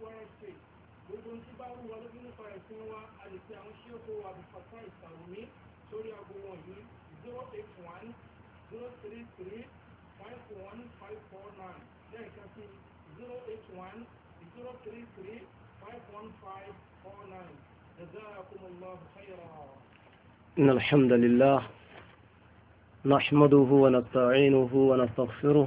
foreign state gbogbo ní bá wù wá lójú nípa ẹ̀sìn wa a lè fi àwọn ṣẹ́kọ̀ọ́ wa bí fàtà ìsàrùmí sórí aago wọ̀nyí zero eight one zero three three five one five four nine lẹ́ẹ̀kan sí zero eight one zero three three five one five four nine جزاكم الله خيرا إن الحمد لله نحمده ونستعينه ونستغفره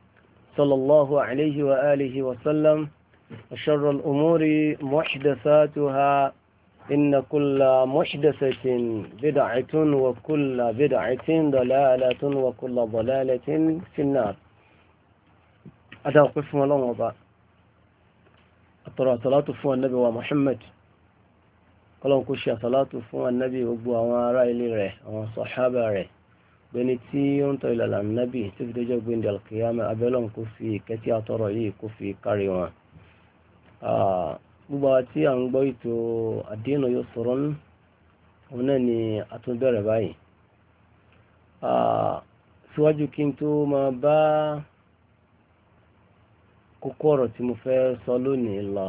صلى الله عليه وآله وسلم وشر الأمور محدثاتها إن كل محدثة بدعة وكل بدعة ضلالة وكل ضلالة في النار أدعو قسم الله وضع أطرع صلاة فوى النبي ومحمد قالوا كشي صلاة فوى النبي وبوى وراء لي ريه gbẹni tí ó ń tọ́ ìlànà nábì tó fi dójọ́ gbẹ̀ndé alkiyama abẹ́lọ́n kò fi ìkẹ́tí àtọ́rọ̀ yìí kò fi kárí wọn. gbogbo àwọn tí à ń gbọ́ ètò àdéhùn yóò sọ̀rọ̀ ní òun náà ni a tún bẹ̀rẹ̀ báyìí. síwájú kí n tó máa bá kókó ọ̀rọ̀ tí mo fẹ́ sọ lónìí lọ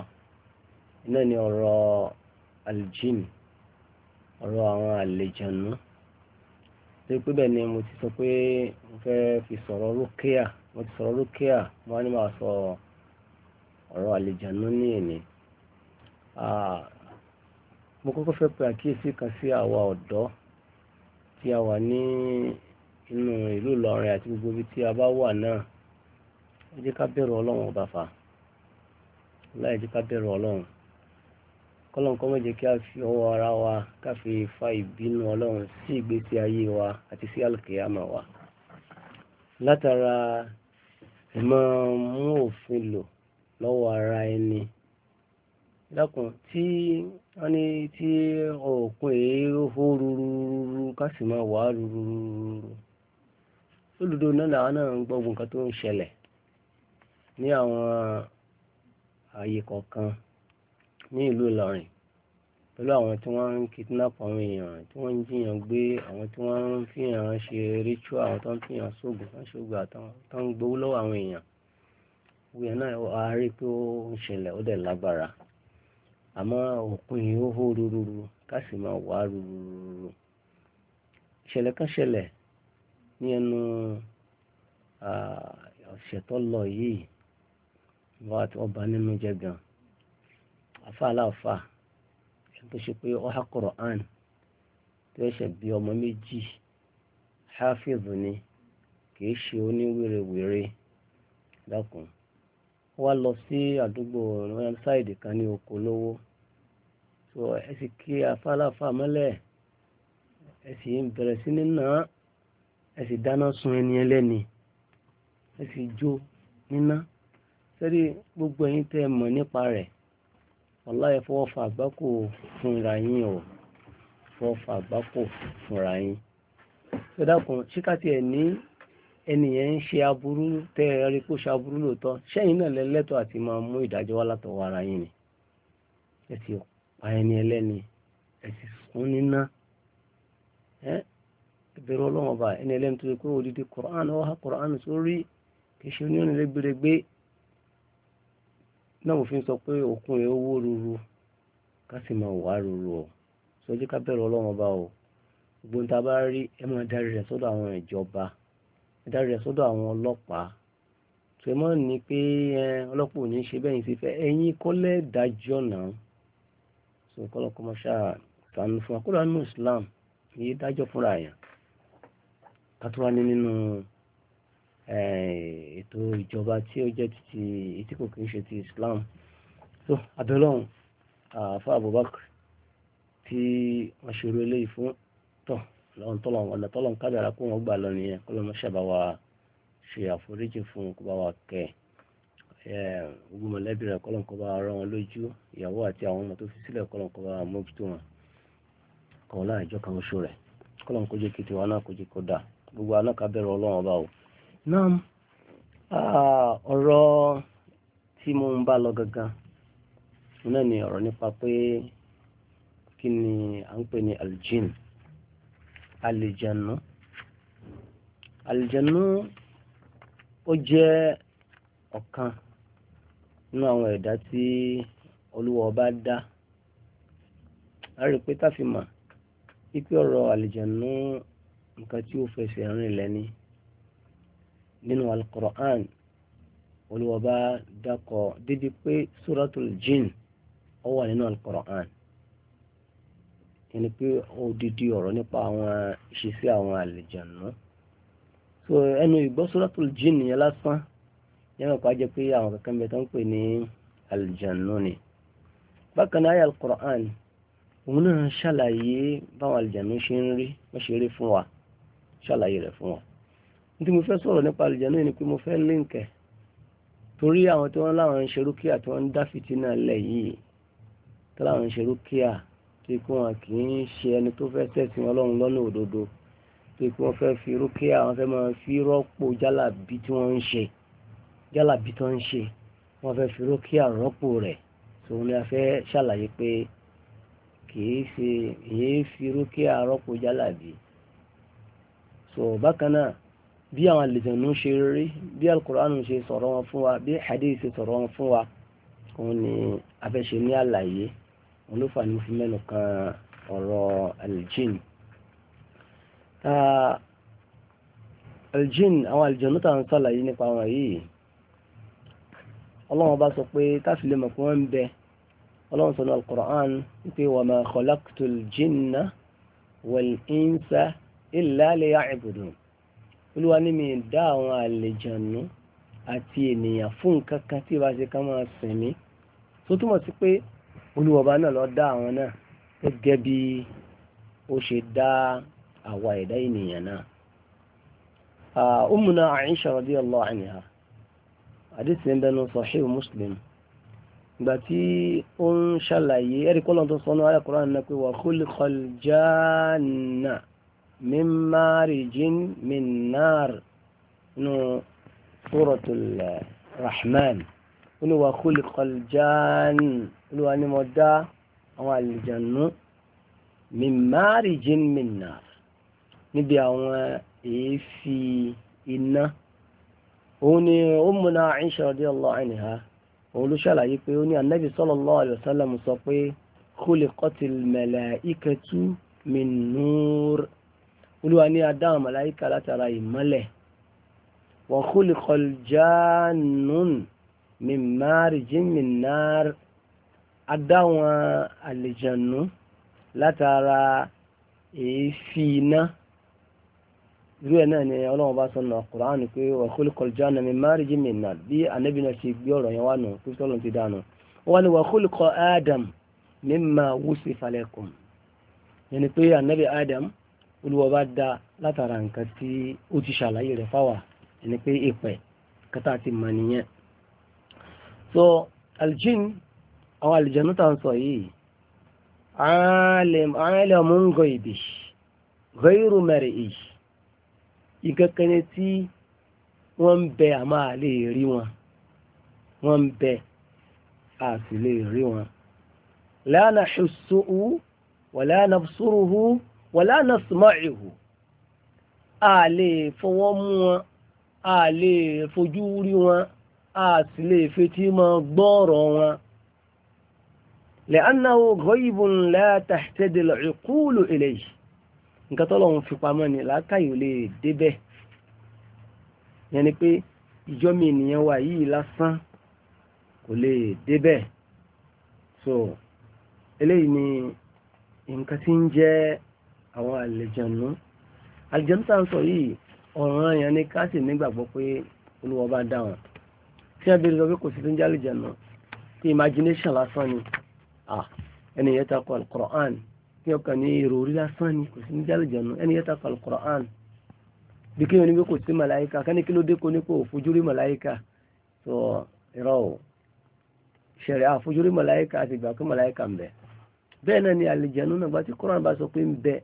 náà ni ọ̀rọ̀ aljin ọ̀rọ̀ àwọn àlejànú. No? tó pé bẹ́ẹ̀ ni mo ti sọ pé mo fẹ́ fi sọ̀rọ̀ rókèà mo ti sọ̀rọ̀ rókèà mo wá ní máa sọ ọ̀rọ̀ àlejànú ní èní. mo kọ́kọ́ fẹ́ pe àkíyèsí kan sí àwa ọ̀dọ́ tí a wà ní inú ìlú Ìlọrin àti gbogbo ibi tí a bá wà náà ẹ jẹ́ ká bẹ̀rù Ọlọ́run ọba fà láì jẹ́ ká bẹ̀rù Ọlọ́run kọ́lọ́n kọ́ mọ̀jẹ̀ kí a fi ọwọ́ ara wa ká fi fa ìbínú ọlọ́run sí ìgbésí ayé wa àti sí àlùkìyàmà wa látara ìmọ̀ mú òfin lò lọ́wọ́ ara ẹni dákun tí wọ́n ní tí òkun èé hó rúrúrú ká sì máa wà rúrúrú olùdó náà làwọn náà ń gbọ́gun nǹkan tó ń ṣẹlẹ̀ ní àwọn ààyè kọ̀ọ̀kan ní ìlú Ìlọrin pẹ̀lú àwọn tí wọ́n ń kidnap àwọn èèyàn tí wọ́n ń jiyàn gbé àwọn tí wọ́n ń fihàn ṣe ritual àwọn tó ń fihàn sóògùn tó ń ṣoògùn àtàwọn tó ń gbowó lọ́wọ́ àwọn èèyàn wíyẹn náà a rí pé ó ń ṣẹlẹ̀ ó dẹ̀ lágbára àmọ́ òkun yìí ó hó rúrúrú ká sì máa wà rúrúrú ìṣẹ̀lẹ̀ kan ṣẹlẹ̀ ní ẹnu ọ̀sẹ̀ tó lọ yìí wọ́n bá nínú jẹ́ gan-an àfa aláàfà tó ṣe pé ó há Qur'an tó ṣe bí ọmọ méjì hafiz ni kìí ṣe oníwèrèwèrè dákun ó wá lọ sí àdúgbò royal side kan ní oko lówó so ẹ sì kí afáláfà mọ́lẹ̀ ẹ sì ń bẹ̀rẹ̀ sí ní nà ẹ sì dáná sun ẹni ẹlẹ́ni ẹ sì jó níná sẹ́rí gbogbo ẹ̀yin tẹ́ ẹ mọ̀ nípa rẹ̀ wàláhì fọwọ́ fa àgbákò fúnra yín o fọwọ́ fa àgbákò fúnra yín tó dákun ṣíkàtì ẹ̀ ní ẹnìyẹn ń ṣe aburú tẹ́ ẹ rí kó ṣe aburú lóòótọ́ ṣẹ́yìn náà lẹ́lẹ́tọ̀ àti máa mú ìdájọ́ wá látọwọ́ ara yín ni ẹ ti pa ẹni ẹlẹ́ni ẹ ti sún níná ẹ bẹ̀rù ọlọ́wọ́n bá ẹni ẹlẹ́ni tó yẹ kó odidi Kùránì ọ̀há Kùránì sórí kì í ṣe oníyanilẹ́gbẹ̀rẹ̀gbẹ̀ náà mo fi ń sọ pé òkun rẹ̀ owó ruru ká sì máa wà ruru ọ̀ sọjí ká bẹ̀rù ọlọ́run ọba o gbogbo níta bá rí ẹ máa darí rẹ̀ sọ́dọ̀ àwọn ìjọba ẹ darí rẹ̀ sọ́dọ̀ àwọn ọlọ́pàá tó ẹ máa ní pé ọlọ́pàá ò ní ṣe bẹ́ẹ̀ sí fẹ́ ẹ̀yin kọ́lẹ́ dájọ́ náà sọ kọ́lọ́ kọ́ máa fún akúrò àánú Islam ní dájọ́ fúnra yẹn ká tó wá ní nínú. No Eh, ètò ìjọba tí ó jẹ́ tí kò kìí ṣe ti Islam so abẹ́lọ́hùn àfa Abubakar tí wọ́n ṣe orí eléyìí fún tọ̀ lọ́wọ́n tọ́lọ̀ ọ̀nà tọ́lọ̀ ń kádàrà kó wọ́n gbà lọ nìyẹn kó lọ́mọ ṣàbà wa ṣe àforíjì fún kó bá wa kẹ́ ẹ̀ eh, ogun mọ̀lẹ́bí rẹ̀ kọ́lọ́n kó bá rán wọn lójú ìyàwó àti àwọn ọmọ tó fi sílẹ̀ kọ́lọ́n kó bá wọn kọ́ láàjọ kan oṣù rẹ̀ kọ́lọ́n kó jẹ́ náà kó jẹ́ kó dà gbogbo anáka bẹ̀rẹ̀ Naam, ọ̀rọ̀ tí mo ń bá lọ gangan náà ni ọ̀rọ̀ nípa pé kí ni à ń pè ní aljin alìjẹ̀nú alìjẹ̀nú ó jẹ́ ọ̀kan nínú àwọn ẹ̀dá tí Olúwa bá dá a rí pé táfimà wípé ọ̀rọ̀ alìjẹ̀nú nǹkan tí ó fẹsẹ̀ rìn lẹ́ni nínú alukur'an olùwọ́ba dakọ̀ débi pé suratul jinn ó wà nínú alukur'an ẹni pé odidi ọ̀rọ̀ nípa àwọn ìṣesí àwọn àlejànú so ẹnu ìgbọ́ suratul jinn yẹn lásán yẹn kọ́ ajẹ́ pé àwọn kankan bẹ tó ń pè ní àlejànú ni bákan náà ayé alukur'an òun náà ṣàlàyé báwọn àlejànú ṣe ń rí wọ́n ṣe rí fún wa ṣàlàyé rẹ̀ fún wa. tí mo fẹ́ sọ̀rọ̀ nípa àlùjànnú ni pé mo fẹ́ líǹkẹ̀ torí àwọn tí wọ́n láwọn ń tí wọ́n ń dá fìtínà lẹ̀ yìí tí láwọn ń tí kò wọn kì í ṣe ẹni tó fẹ́ tẹ̀sìn ọlọ́run lọ́nà òdodo tí kò wọ́n fẹ́ fi fẹ́ máa fi rọ́pò jálàbí tí wọ́n ń ṣe jálàbí tó ń ṣe wọ́n fẹ́ fi rọ́pò rẹ̀ ni a fẹ́ ṣàlàyé pé ṣe bí àwọn àlejànú ṣe rí bí alukùránù ṣe sọ̀rọ̀ wọn fún wa bí hadith ṣe sọ̀rọ̀ wọn fún wa òun ni afẹ́ṣe ní àlàyé òun ló fà ní fún mẹ́nu kan ọ̀rọ̀ aljin aljin àwọn àlejànú tà ń sàlàyé nípa wọn yìí ọlọ́wọ́n bá sọ pé káfílẹ̀ mọ̀ pé wọ́n ń bẹ ọlọ́wọ́n sọ ní alukùránù wípé wa ma khalaqtul jinna wal insa illa liya'budun olúwa ní mi dá àwọn àlejànú àti ènìyàn fún nǹkan kan tí ìbá ṣe ká máa sìn mí tó túmọ̀ sí pé olúwọba náà ló dá àwọn náà gẹ́gẹ́ bí ó ṣe dá àwa ẹ̀dá ènìyàn náà. Ummuna Aisha radiyallahu anha àdìsí ń bẹnu Sahih Muslim ìgbà tí ó ń ṣàlàyé ẹ̀rí kọ́lọ́n tó sọnù ayé Kùránì náà pé wa khuliqal janna min marijin min nar nù suratul rahman olúwa khuliqal jann olúwa ni mo dá àwọn àlìjànú min marijin min nar níbi àwọn èéfì iná òun ni ummuna Aisha radiyallahu anha òun ló ṣàlàyé pé ó ní anábì sallallahu alaihi sọ pé khuliqatil malaikatu min olúwa ní adá àwọn màláíkà látara ìmọ́lẹ̀ wa khuliqal jannun min marijin min nar adá àwọn àlejànú látara èéfì iná irú ẹ̀ náà ni ọlọ́run bá sọ̀nà Kùránì pé wa khuliqal janna min marijin min nar bí anábì náà ṣe gbé ọ̀rọ̀ yẹn wá nù kí sọ́lọ́n ti dànù wọ́n ní wa khuliqa Adam mimma wusifa lakum yẹn ni pé anábì Adam olúwa bá dá látara nǹkan tí ó ti ṣàlàyé rẹ̀ fáwà ẹni pé ìpẹ̀ kátà ti mọ̀ nìyẹn so aljin àwọn àlìjẹ̀nú tà ń sọ yìí àálẹ̀mú ń gọ ìbì ghayru mar'i ìkẹ́kẹ́ni tí wọ́n ń bẹ àmọ́ àlè rí wọn wọ́n ń bẹ àti lè rí wọn la nahussuhu wa la nabsuruhu wala nasma'uhu a lè fọwọ́ mú wọn a lè fojú rí wọn a sì lè fetí mọ gbọ́ọ̀rọ̀ wọn. lẹ́annáwó ghaibun la tahtadil uqulu ilayhi nǹkan tọ́lọ́run fi pamọ́ ni làákàyò lè débẹ̀ yẹn pé ìjọ́mi ènìyàn wa yìí lásán kò lè débẹ̀ so eléyìí ni nǹkan tí ń jẹ́ àwọn àlejànú àlejànú tá à ń sọ yìí ọ̀ràn yẹn ni ká sì nígbàgbọ́ pé olúwa bá dá wọn tí a bèrè sọ pé kò sí tó àlejànú tí imagination lásán ni ẹni yẹn ta kọ alukoran tí ọkàn ní èrò orí lásán ni kò sí ní jẹ́ àlejànú ẹni yẹn ta kọ alukoran bí kéwọn ni pé kò sí màláyíkà kẹ́ni kí ló dé kó ní kó fojú rí màláyíkà tó ìrọ̀ o ṣẹ̀rẹ̀ àfojúrí màláyíkà àti ìgbà kí màláyíkà ń bẹ bẹ́ẹ̀ náà ni àlejànú náà gbá tí kọ́ran bá sọ pé ń bẹ́ẹ̀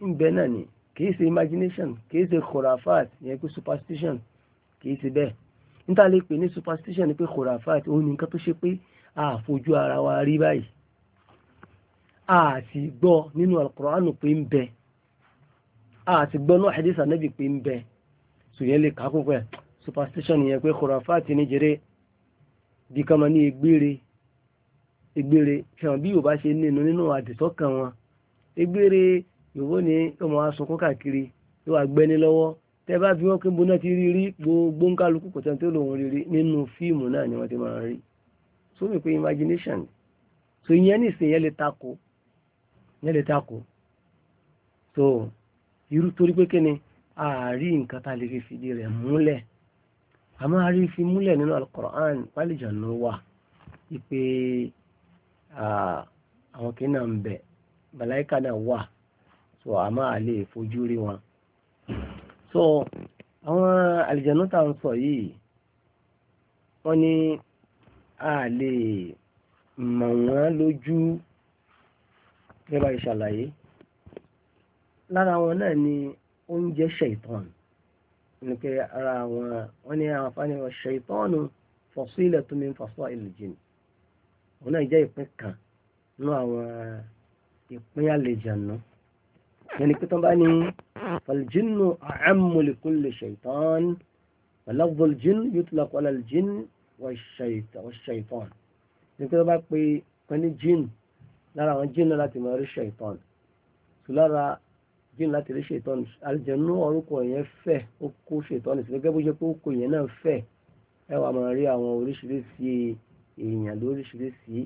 ń bẹ náà ni kìí ṣe imagination kìí ṣe khurafat yẹn pé superstition kìí ṣe bẹ́ẹ̀ níta lè pè ní superstition ni pé khurafat òun ni nǹkan tó ṣe pé àfojú ara wa rí báyìí àti gbọ́ nínú alukur'an pé ń bẹ àti gbọ́ náà hadith anabi pé ń bẹ sòyẹn lè kà kún pé superstition yẹn pé khurafat ni jẹrẹ bí kan máa ní egbére egbére ṣàwọn bí yorùbá ṣe nínú nínú àdìsọ́kàn wọn egbére yòówó ni ọmọ asokún káàkiri yóò wá gbẹ́ni lọ́wọ́ tẹ́ bá fi wọ́n pé bóná ti rí rí gbogbo ń kálukú kò tẹ́ tó lòun rí rí nínú fíìmù náà ni wọ́n ti máa rí so mi pé imagination so ìyẹn ní ìsìn yẹn lè takò yẹn lè takò so irú torí pé kíni ààrí nǹkan tá a lè fi fìdí rẹ̀ múlẹ̀ a máa rí fi múlẹ̀ nínú alukoran pálíjànú wà wípé àwọn kìnnà ń bẹ màláíkà náà wà so a máa lè fojú rí wọn so àwọn àlìjẹ̀nú tá ń sọ yìí wọ́n ní a lè mọ̀ wọ́n lójú gẹ́gẹ́ bá ṣe ṣàlàyé lára wọn náà ni oúnjẹ ṣẹ̀tọ́n ní pé ara wọn wọ́n ní àwọn afáàní wọn ṣẹ̀tọ́nù fasilatun min fasail jinn òun náà jẹ́ ìpín kan nínú àwọn ìpín àlìjẹ̀nú. No? yẹni pé tán bá ní faljinnu a'ammu li kulli shaitan walafdhu aljin yutlaqu ala aljin wash-shaitan yẹni pé tán bá pé kan ní jin lára àwọn jin láti máa rí shaitan tó lára jin láti rí shaitan aljannu orúkọ yẹn fẹ̀ ó kó shaitan sí gẹ́gẹ́ bó ṣe pé ó kó yẹn náà fẹ̀ ẹ wà máa rí àwọn oríṣiríṣi èèyàn lóríṣiríṣi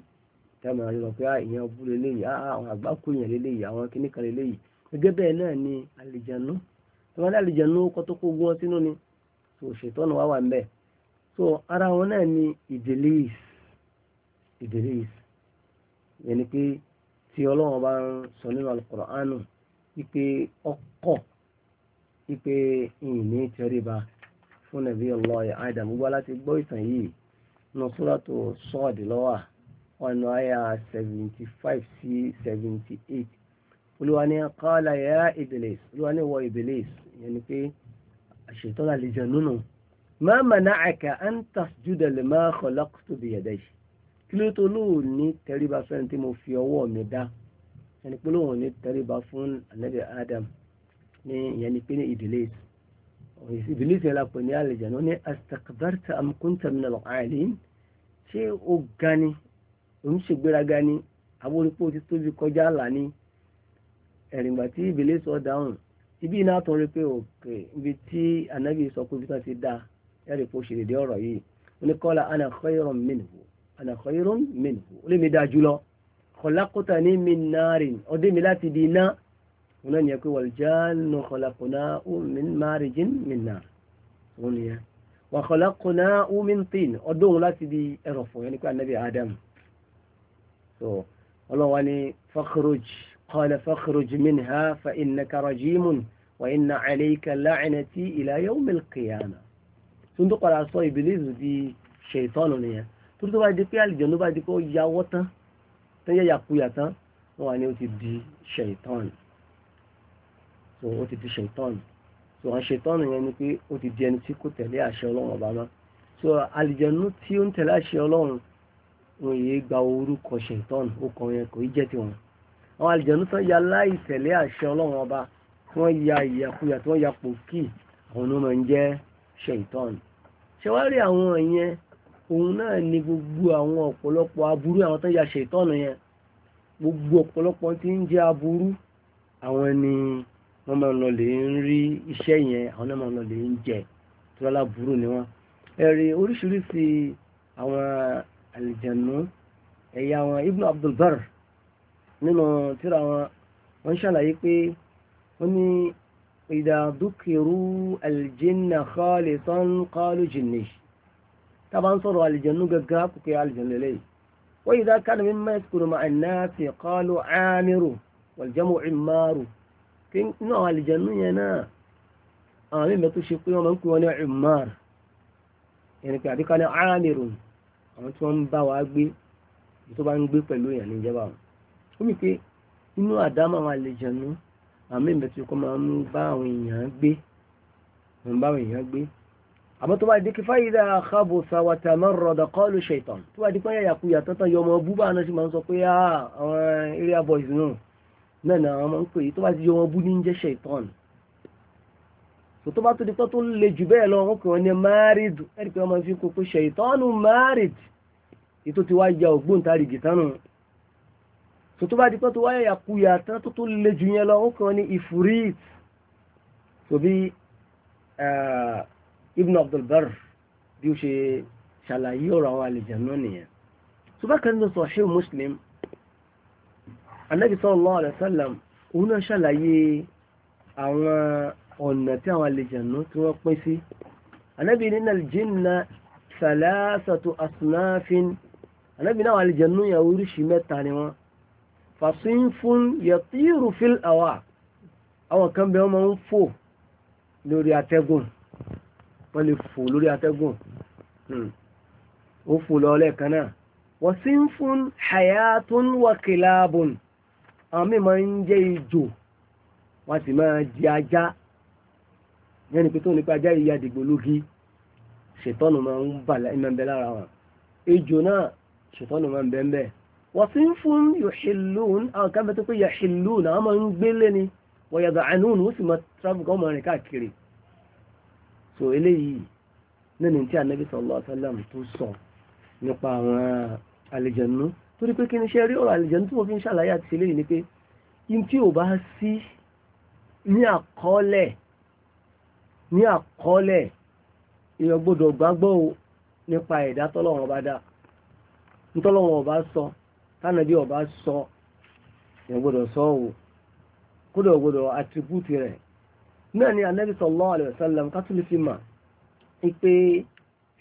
tẹ́ máa rí lọ pé ìyẹn bú lélẹ́yìí àwọn àgbákò èèyàn lélẹ́yìí àwọn kíníkan lélẹ́yìí gẹ́gẹ́ bẹ́ẹ̀ náà ni àlìjànú ìwọ́n ní àlìjànú kọ́ tó kó gún ọ sínú ni tó ṣètọ́nù wá wà ń bẹ̀ so ara wọn náà ni ìdílís ìdílís yẹn ni pé tí ọlọ́run bá ń sọ nínú alukọ̀rọ̀ánù wípé ọkọ̀ wípé ìní tẹríba fún nàbí ọlọ́ọ̀yà Adam gbọ́ láti gbọ́ ìtàn yìí nù súrátù sọ́ọ̀dì lọ́wà ọ̀nà àyà seventy five sí seventy eight olúwa ní qala ya Iblis olúwa ní wọ Iblis ìyẹn ni pé àṣetán àlejò nínú ma mana'aka an tasjuda lima khalaqtu biyadayhi kí ló tó lóòrùn ní tẹríba fẹ́ni tí mo fi ọwọ́ mi dá ẹni pé lóòrùn ní tẹríba fún anabi Adam ní ìyẹn ni pé ní Iblis Iblis yẹn la pè ní àlejò ní astakbarta am kunta minal aalin ṣé o gani òun ṣègbéraga ni ti tóbi kọjá àlá ẹ̀rìngbà tí ìbílẹ̀ sọ dáhùn ibi iná tó ń rí pé òkè ibi tí anabi sọ pé ibi tó ti dá ẹ̀rì kó ṣe dédé ọ̀rọ̀ yìí ó ní kọ́lá ana khayron minhu ana khayron minhu ó lè mi dáa jùlọ kọlákótà ní min narin ọdẹ mi láti di iná wọn náà yẹ pé wàljánu kọlákóná min marijin min nar wọn nìyẹn wà kọlákóná min tin ọdún òun láti di ẹrọ̀fọ̀ yẹn ni pé anabi adam so ọlọ́wà ni fakhruj. قال فاخرج منها فإنك رجيم وإن عليك لعنتي إلى يوم القيامة صندوق العصا إبليس دي شيطان نيا torí tó bá di pé àlìjọ́nú bá di pé ó yáwọ́ tán tó yẹ yàkuyà tán wọ́n wà ní ó ti di ṣèitán so ó ti di ṣèitán so àwọn ṣèitán yẹn ni pé ó ti di ẹni tí kò tẹ̀lé àṣẹ ọlọ́run ọba mọ́ so àlìjọ́nú tí ó ń tẹ̀lé àṣẹ ọlọ́run wọn yìí gba orúkọ ṣèitán ó kọ yẹn kò í jẹ́ tiwọn àwọn àlìjẹ̀nú tán ya láì tẹ̀lé àṣẹ ọlọ́run ọba tí wọ́n ya ìyàkuyà tí wọ́n ya pòkì àwọn ọmọ ń jẹ́ ṣèǹtọ́n ṣẹwárí àwọn ìyẹn òun náà ni gbogbo àwọn ọ̀pọ̀lọpọ̀ aburú àwọn tó ya ṣèǹtọ́n yẹn gbogbo ọ̀pọ̀lọpọ̀ tí ń jẹ́ aburú àwọn ni wọ́n máa lọ lè ń rí iṣẹ́ yẹn àwọn náà máa lọ lè ń jẹ tí wọ́n láburú ni wọ́n ẹ̀rí oríṣiríṣi àwọn àlìjẹ̀nú ẹ̀yà àwọn Ibn Abdul nínú tíra wọn wọ́n ṣàlàyé pé wọ́n ní ìdàdúkìrú alìjínà khalisan qalu jinni tábà ń sọ̀rọ̀ alìjẹ̀nú gẹ́gẹ́ kò pé alìjẹ̀nú lélẹ̀ wọ́n ìdá kan mi máa ṣùkùrù máa ná sí qalu amiru wàlìjẹ́mú ìmáàrù kí nínú àwọn alìjẹ̀nú yẹn náà àwọn mímẹ́ tó ṣe pé wọ́n máa ń pè wọ́n ní ìmáàrù ẹni pé àbíkálẹ̀ amiru àwọn tí wọ́n ń bá wa gbé tó bá ń gbé pẹ̀lú ìyàn níjẹba wọn ó mì pé inú àdámọ̀ àwọn àlejànú àmì ìbẹ̀tì kọ́ máa ń bá àwọn èèyàn gbé ń bá àwọn èèyàn gbé àmọ́ tó bá di kífá yìí dáa káàbò sàwàtà mọ́rọ̀dà kọ́ọ̀lù ṣètàn tó bá di pé yàyàkú yàtọ̀ tán yọ ọmọ bú bá àná sí máa ń sọ pé ah, àwọn area boys náà náà ni àwọn máa ń pè é tó bá ti yọ ọmọ bú ní jẹ́ ṣètàn tó bá tó di pé tó ń le jù bẹ́ẹ̀ lọ wọn kò ní married ẹ̀rí pé wọ́n máa fi kó pé ṣètàn married ètò tí wàá ya ògbóǹtarìgì tánù tó tó bá di pé tó wáyà yàkuyà tán tó tó le jù yẹn lọ ó kàn ní ìfúrít tó bí eh, ibn abdulbar bí ó ṣe ṣàlàyé ọ̀rọ̀ àwọn àlejò náà nìyẹn tó bá kẹ́rin tó sọ ṣé muslim anabi sallallahu alaihi wasallam òun náà ṣàlàyé àwọn ọ̀nà tí àwọn àlejò náà tí wọ́n pín sí anabi nínú aljinna salasatu asnafin anabi náà àlejò náà yà oríṣi mẹ́ta ni wọ́n fasinfun yatiru fil awa àwọn kan bẹ́ẹ̀ máa ń fò lórí atẹ́gùn wọ́n lè fò lórí atẹ́gùn ó fò lọ lẹ́ẹ̀kan náà wasinfun hayatun wakilabun àwọn míì máa ń jẹ́ ejò wọ́n sì máa jẹ ajá yẹn ni pé tó nípa ajá ìyá dìgbòlógi ṣètọ́nù máa ń bà bẹ lára wọn ejò náà ṣètọ́nù máa ń bẹ ń bẹ́ẹ̀ wasinfun yuhillun àwọn kan bẹ́ẹ̀ tó pé yuhillun àwọn máa ń gbélé ni wọ̀yàgbà àánún ó sì máa travel kan máa rìn káàkiri so eléyìí nínú tí anabi sallallahu alaihi wasallam tó sọ nípa àwọn àlejànú torí pé kí ni ṣe rí ọ̀rọ̀ àlejànú tí mo fi ń ṣàlàyé àti ṣe léyìí ni pé in tí ò bá sí ní àkọọ́lẹ̀ ní àkọọ́lẹ̀ èèyàn gbọ́dọ̀ nípa ẹ̀dá tọ́lọ́wọ́n bá dá nítọ́lọ́wọ́n bá sọ tánàbí ọba sọ ìgbọ́dọ̀ sọ wò kódà ọgbọ́dọ̀ àtìbútì rẹ̀ náà ni anabi sallallahu alaihi wasallam kátólì fi mà pé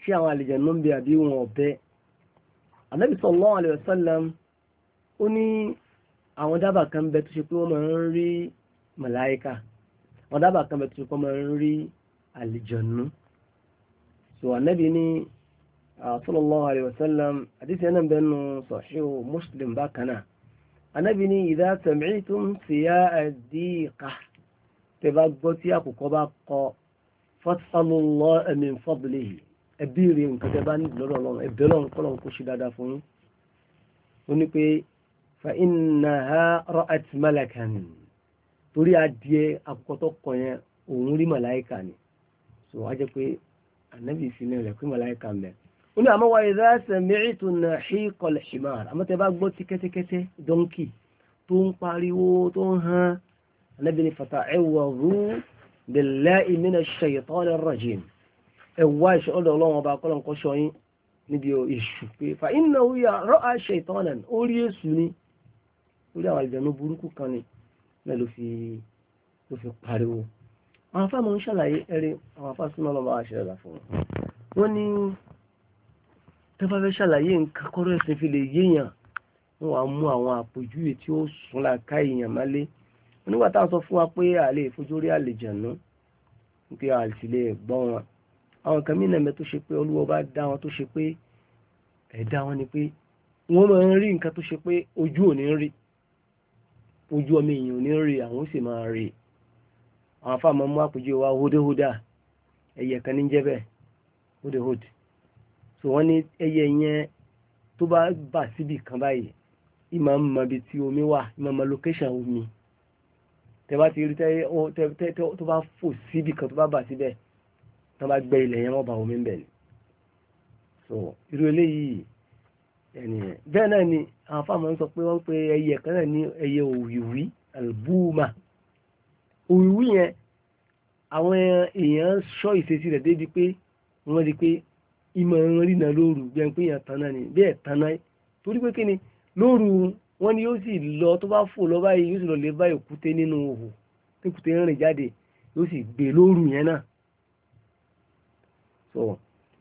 ṣé àwọn àlùjànnú ń bẹ àbí wọn ọ̀bẹ anabi sallallahu alaihi wasallam ó ní àwọn dábàá kan bẹ tó ṣe pé wọ́n máa ń rí màláíkà àwọn dábàá kan bẹ tó ṣe pé wọ́n máa ń rí àlùjànnú so anabi ní. Ah, sallallahu alayhi wa sallam àdìsí ẹ̀nà bẹ́ẹ̀ nù sahihu muslim bákan náà anábì ní idha sami'tum siyaa ad-diqa tẹ́ bá gbọ́ tí àkùkọ bá kọ fas'alullaha min fadlihi ẹbí rẹ̀ nǹkan tẹ́ bá ní lọ́dọ̀ ọlọ́run ẹbẹ̀ lọ́run kọ́ lọ́run kó ṣe dáadáa fún yín ó ní pé fa innaha ra'at malakan torí adìẹ àkùkọ tó kọ yẹn òun rí màláìkà ni so wá jẹ́ pé ànábì fi ní rẹ̀ pé màláìkà ń bẹ̀rẹ̀ ó ní àmọ́ wáyé dá sami'tu nahiqal himar àmọ́ tẹ bá gbọ́ ti kẹ́tẹ́kẹ́tẹ́ dọ́ńkì tó ń pariwo tó ń han Ànábì ní fata'awwadhu billahi minash shaytanir rajim ẹ wá ìṣọ́ ọ̀dọ̀ ọlọ́run ọba kọ́lọ́n kọ́ sọ yín níbi èṣù pé fa innahu ra'a shaytanan ó rí èṣù ni ó rí ń ṣàlàyé tó bá fẹ́ ṣàlàyé nǹkan kọ́rọ́ ẹ̀sìn fi lè yéèyàn wọ́n wá mú àwọn àpèjúwe tí ó sùn láka èèyàn mọ́lé onígbà táwọn sọ fún wa pé àlè ìfojúrí àlejànú nítorí àti lè gbọ́ wọn àwọn kan mí nàmẹ́ tó ṣe pé olúwo bá dá wọn tó ṣe pé ẹ̀dá wọn ni pé wọ́n máa ń rí nǹkan tó ṣe pé ojú ò ní rí ojú ọmọ èèyàn ò ní rí àwọn ó sì máa rí àwọn afáàmọ́ mú àpèjúwe wa hódehódà ẹ̀yẹ̀ kan ní jẹ́ bẹ́ẹ̀ hódehódà so wọ́n ní ẹyẹ yẹn tó bá bà síbì kan báyìí ìmọ̀ ń mọ ibi tí omi wà ìmọ̀ mọ location omi tẹ bá ti rí tẹ tó bá fò síbì kan tó bá bà síbẹ̀ tó bá gbẹ ilẹ̀ yẹn wọ́n bà omi ń bẹ̀ ni so irú eléyìí ẹni bẹ́ẹ̀ náà ni àwọn fáwọn ń sọ pé wọ́n pe ẹyẹ kan náà ní ẹyẹ òwìwí albuma òwìwí yẹn àwọn èèyàn sọ ìṣesí rẹ̀ débi pé wọ́n di pé ìmọ̀ na lóru jẹun pé èèyàn tanná ni bẹ́ẹ̀ tanná torí pé kíni lóru wọn ni yóò sì lọ tó bá fò lọ báyìí yóò sì lọ lè bá èkúté nínú òhò èkúté rìn jáde yóò sì gbé lóru yẹn náà so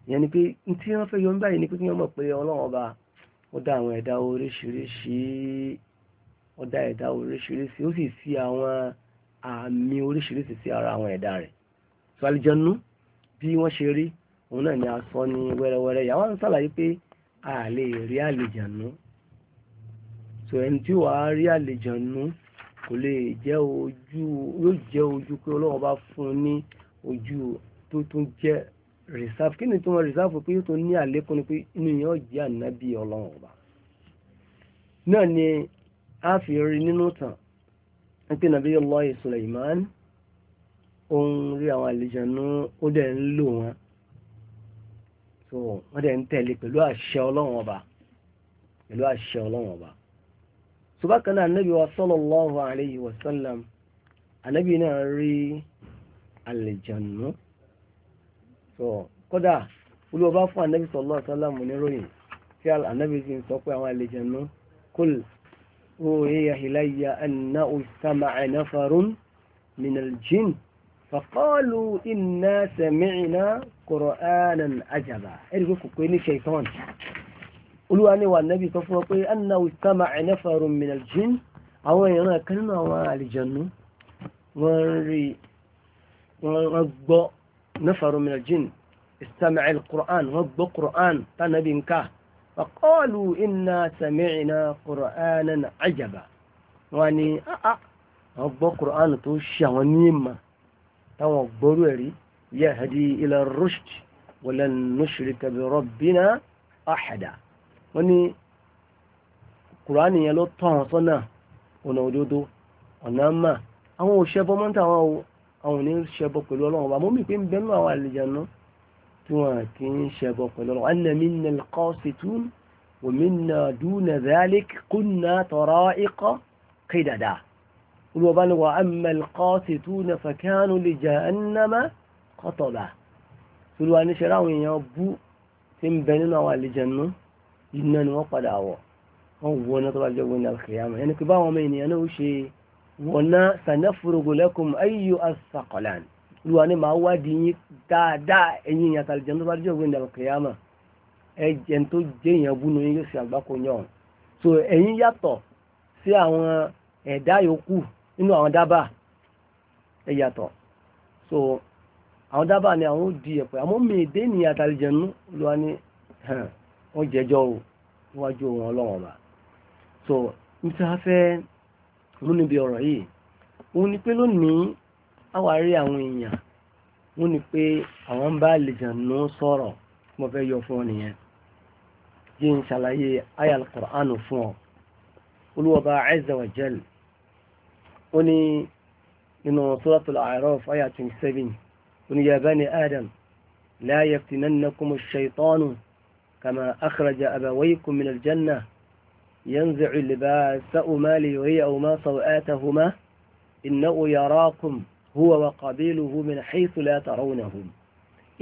ìyẹn ni pé tí wọ́n fẹ́ yọ ń báyìí ni pé kí wọ́n mọ̀ pé ọlọ́run ọba ó dá àwọn ẹ̀dá oríṣiríṣi ó dá ẹ̀dá oríṣiríṣi ó sì fi àwọn àmì oríṣiríṣi sí ara àwọn ẹ̀dá rẹ̀ so àlìjànnú bí wọ́n ṣe rí òun náà ni a sọ ní wẹ́rẹ́wẹ́rẹ́ yàwó ń sàlàyé pé a lè rí àlejànú so ẹni tí wàá rí àlejànú kò lè jẹ́ ojú yóò jẹ́ ojú pé ọlọ́wọ́ bá fún un ní ojú tó tún jẹ́ reserve kí ni tí wọ́n reserve pé yóò tún ní àlékún ni pé inú yẹn ó jẹ́ ànábì ọlọ́run ọba náà ni a fi rí nínú tàn ń pè nàbí Allah Sulaiman ó ń rí àwọn àlejànú ó dẹ̀ ń lò wọ́n so wọ́n dẹ̀ ń tẹ̀lé pẹ̀lú àṣẹ ọlọ́run ọba pẹ̀lú àṣẹ ọlọ́run ọba so bákan náà anabi wa sallallahu alayhi wa sallam anabi náà rí àlejànú so kódà olùwọ́ bá fún anabi sallallahu alayhi wa sallam tí anabi sì ń sọ pé àwọn àlejànú kul ruhiya ilayya annahu istama'a nafarun min al-jinn. فقالوا إنا سمعنا قرآنا عجبا ارجوكم كوني شيطان قلوا أنا والنبي صفوا أنه استمع نفر من الجن أو يرى كلمة والجن وري وغض نفر من الجن استمع القرآن غض قرآن تنبي انكاه فقالوا إنا سمعنا قرآنا عجبا واني أأ غض قرآن توشى ونيمة táwọn gbọ́rú ẹ̀rí yahdi ila rushd wala nushrika bi rabbina ahada wọ́n ní kùránì yẹn ló tọ́ àwọn sọ́nà ọ̀nà òdodo ọ̀nà mà àwọn ò ṣẹbọ mọ́ta àwọn o àwọn ò ní ṣẹbọ pẹ̀lú ọlọ́run bá mọ́mí pé ń bẹ́nu àwọn àlejànú tí wọ́n kì í ṣẹbọ pẹ̀lú ọlọ́run anna minna al-qasitun wa minna duna dhalik kunna tara'iqa qidada olùwọ́bá ni wà ammal qasituna fakanu li jahannama qataba olùwà ní ṣe ráwọn èèyàn bú tí ń bẹ nínú àwọn àlìjẹnú iná ni wọ́n padà wọ̀ wọ́n wọ́n náà tó bá jẹ́ wọn alkiyama ẹni pé báwọn ọmọ ènìyàn náà ó ṣe wọ́n náà sanafurugu lakum ayyu as-saqalan olùwà ní màá wádìí yín dáadáa ẹ̀yin ìyàn tó bá èèyàn bú ni yóò ṣe àgbákò yàn so ẹ̀yin yàtọ̀ sí àwọn ẹ̀dá yòókù nínú àwọn dábà ẹ yàtọ̀ so àwọn dábà ni àwọn ó di ẹ̀pẹ̀ àmọ́ mèdè ní àtàlìjẹ̀nú olúwa ní wọ́n jẹjọ́ o níwájú wọn ọlọ́wọ́n ọba so níta mú níbi ọ̀rọ̀ yìí òun ni pé lónìí àwárí àwọn èèyàn pé àwọn ń bá sọ̀rọ̀ fẹ́ yọ fún ọ nìyẹn ọ olúwa bá wa wọ́n من سورة الأعراف A'raf àyà 27 يا بني ya bani Adam la كما أخرج shaytanu kama akhraja abawaykum اللباس al-janna ينزع ليريهما سوآتهما إنه يراكم هو وقبيله من حيث لا ترونهم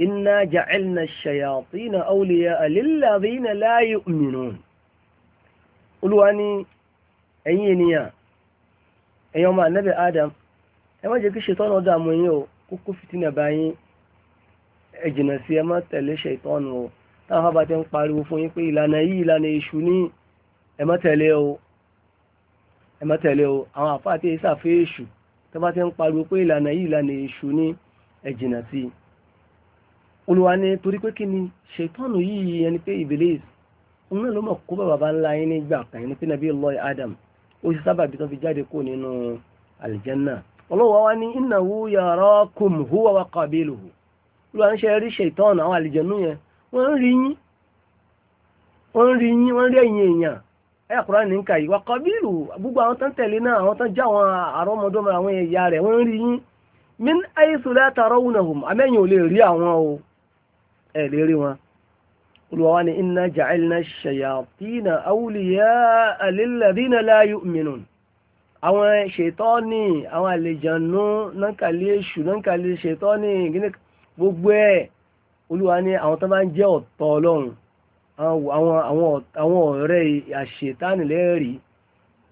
إنا جعلنا الشياطين أولياء للذين لا يؤمنون قلوا أني أينيا ẹ̀yin ma nẹ́bẹ̀ Adam ẹ má jẹ́ kí ṣètọ́nù ọdọ àmọ́ yín o kó kó fìtínà bá yín sí ẹ má tẹ̀lé ṣètọ́nù o táwọn bá ti ń pariwo fún yín pé ìlànà o ẹ má tẹ̀lé o àwọn àfáà tí fẹ́ èṣù tó bá ti ń pariwo pé ìlànà yìí ìlànà èṣù ní sí i olùwà ni torí pé kí ni ṣètọ́nù yìí ẹni pé Ìbílísì òun Adam ó sì sábàbí tó fi jáde kó nínú àlìjánà ọlọ́wọ́ wa ní innahu yarakum huwa wa qabiluhu olúwa ń ṣe rí ṣètọ́ọ̀nù àwọn àlìjánú yẹn wọ́n ń rí yín wọ́n ń rí yín wọ́n ń rí ẹ̀yìn èèyàn ẹ̀yà ní wa qabiluhu gbogbo àwọn tó tẹ̀lé náà àwọn tó já àwọn àrọ́mọdọ́mọ àwọn ẹ̀yà rẹ̀ wọ́n ń rí yín min aysu la tarawnahum àmẹ́yìn ò lè rí àwọn o ẹ̀ lè rí wọn olùwàwá ni جعلنا الشياطين أولياء للذين لا يؤمنون la yu'minun àwọn ṣètọ́ni àwọn àlejànú nánkàlí èṣù nánkàlí ṣètọ́ni gbogbo ẹ̀ olúwa ní àwọn tó bá ń jẹ́ ọ̀tọ̀ ọlọ́run àwọn ọ̀rẹ́ àṣetánì lẹ́rìí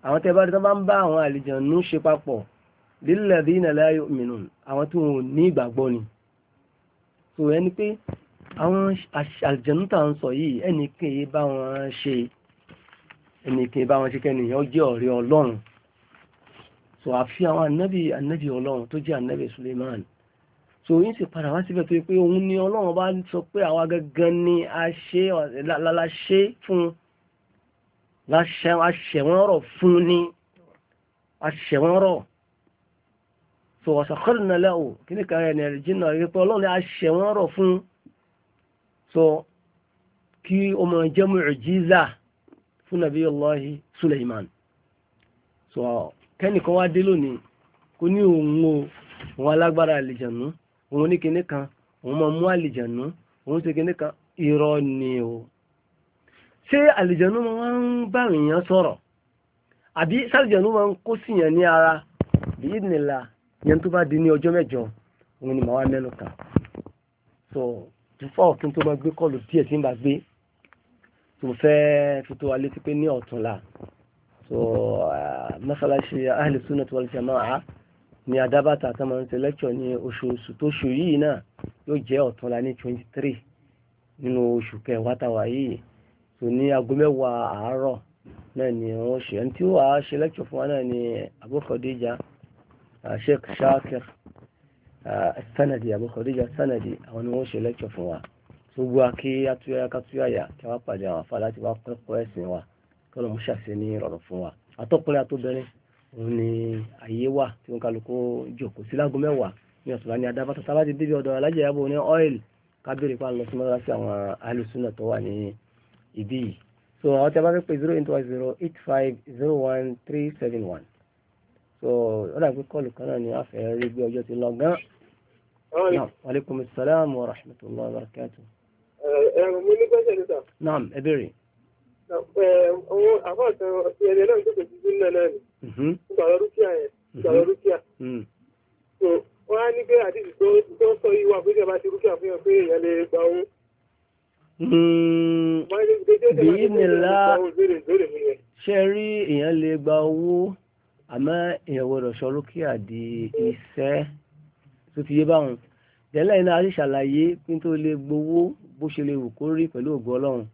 àwọn tẹ́ bá rí tó bá ń bá àwọn àlejànú ṣe papọ̀ lilladhina la yu'minun àwọn tí wọn ò ní ìgbàgbọ́ ni. sọ ẹni pé àwọn àlìjẹ̀nú tà ń sọ yìí ẹnìkan yìí bá wọn ṣe ẹnìkan bá wọn ṣe kẹ́ni ó jẹ́ ọ̀rẹ́ ọlọ́run so àfi àwọn ànábì ànábì ọlọ́run tó jẹ́ ànábì Suleiman so yín sì padà wá síbẹ̀ tó yẹ pé òun ni ọlọ́run bá sọ pé àwa gangan ni a ṣe láṣẹ fún aṣẹ̀wọ̀n fún ni aṣẹ̀wọ̀n ọ̀rọ̀ so ọ̀sàkọ́rìnà lẹ́wọ̀ kí ni kàrẹ́ ẹ̀nà ẹ̀rìjìnà yẹ pé ọlọ́run ni aṣẹ̀wọ̀n ọ̀rọ̀ fún so kí ó máa jẹ́ mu'jiza fún nàbí Allahi Suleiman so kẹ́nìkan wá dé lónìí kò ní òun o òun alágbára àlìjànú òun ní kinní kan òun máa mú àlìjànú òun ṣe kinní kan irọ́ ni o ṣé àlìjànú máa ń bá èèyàn sọ̀rọ̀ àbí sàlìjànú máa ń kó síyàn ní ara bí ìdìnnìlà yẹn tó bá di ní ọjọ́ mẹ́jọ òun ni màá wá mẹ́nu kà so bífọ́ kí n tó máa gbé kọ́ọ̀lù díẹ̀ tí n bá gbé tó fẹ́ fi tó wa létí pé ní ọ̀túnla so uh, mọ́sálásí ahli sunnah wal jama'a ní adábàtà tó máa ń ṣe lẹ́kṣọ̀ ní oṣooṣù tó ṣù yìí náà yóò jẹ́ ọ̀túnla ní twenty three nínú oṣù kẹwàá táwa yìí tó ní aago mẹ́wàá àárọ̀ náà ni wọ́n ṣe ẹni tí wàá ṣe lẹ́kṣọ̀ fún wa náà ni Abu Khadija uh, Sheikh Shakir sanadi Abu Khadija sanadi àwọn ni wọ́n ṣe lẹ́kọ̀ọ́ fún wa tó gbọ́ kí atúyáyá kátúyáyá kí wọ́n pàdé àwọn afá láti wá kẹ́kọ̀ọ́ ẹ̀sìn wa kí wọ́n mú ṣàṣẹ ní ìrọ̀rùn fún wa atọ́kùnrin atóbẹ̀rẹ̀ òun ni àyè wà tí wọ́n kálukú jòkó sí lágùn mẹ́wàá ní ọ̀sùn láni adábátà tá a bá ti débi ọ̀dọ̀ alájẹ yàbò ní ọ́ìl kábírì pa lọ sí mọ́tàlá sí àwọn alùsùnà tó wà ní ibí yìí so àwọn tí a bá fẹ́ pé zero eight one zero eight five zero one three seven one so ọ̀dà pé kọ́ọ̀lù kan náà ni a fẹ́ rí bí ọjọ́ ti lọ gan. aleykum salaam wa rahmatulah wa barakatu. ẹ̀rọ eh, eh, mi ní gbẹ́sẹ̀ ní sà. naam ẹ béèrè. Eh, àwọn àfọ̀tẹ́ ẹ̀rẹ́ náà tó kò sí sínú náà ni. ìgbàlọ́ mhm. rúkìá yẹn ìgbàlọ́ mhm. rúkìá. Mhm. so wọ́n á ní pé àdìsí tó sọ yìí wà pé ìjọba ti rúkìá fún yàn pé èèyàn lè gbà owó. bíi nílá ṣe rí èèyàn lè gba owó àmọ́ èèyàn gbọ́dọ̀ sọ rúkìá di iṣẹ́ tó ti yé báwọn tẹ́lẹ̀ iná a ti ṣàlàyé pín tó lè gbowó bó ṣe lè wù kó rí pẹ̀lú ògo ọlọ́run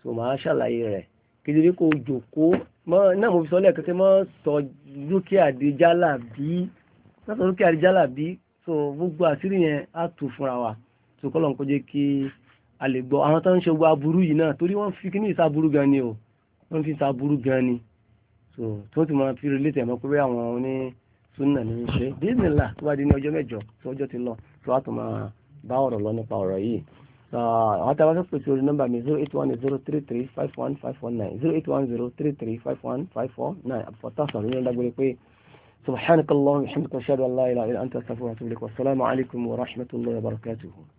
tó máa ṣàlàyé rẹ̀ kedere kó jòkó náà mo fi sọ lẹ́ẹ̀kẹ́tẹ́ mọ́ sọ rúkìá di jálà bí sọ rúkìá di jálà bí so gbogbo àṣírí yẹn á tù fúnra wa tó kọ́ lọ́n kó jẹ́ kí a lè gbọ́ àwọn tó ń ṣe gbogbo aburú yìí náà torí wọ́n fi kí ní ìsaburú gan ni o wọ́n fi ìsaburú gan ni so tó ti máa fi relé tẹ̀mọ́ pé àwọn oní súnà ní í ṣe disney la tó bá di ní ọjọ́ mẹ́jọ tó ọjọ́ ti lọ tó wàá tó máa bá ọ̀rọ̀ lọ nípa ọ̀rọ̀ yìí ah, àwọn tí a bá fẹ́ pè sí mi zero eight one zero three three five one five four nine zero eight one zero three three five one five four nine àbúkọ tásán ló ń dágbére pé subhanakallahumma wa bihamdika ashhadu an la wa atubu wa assalamu alaikum wa rahmatullahi wa barakatuhu.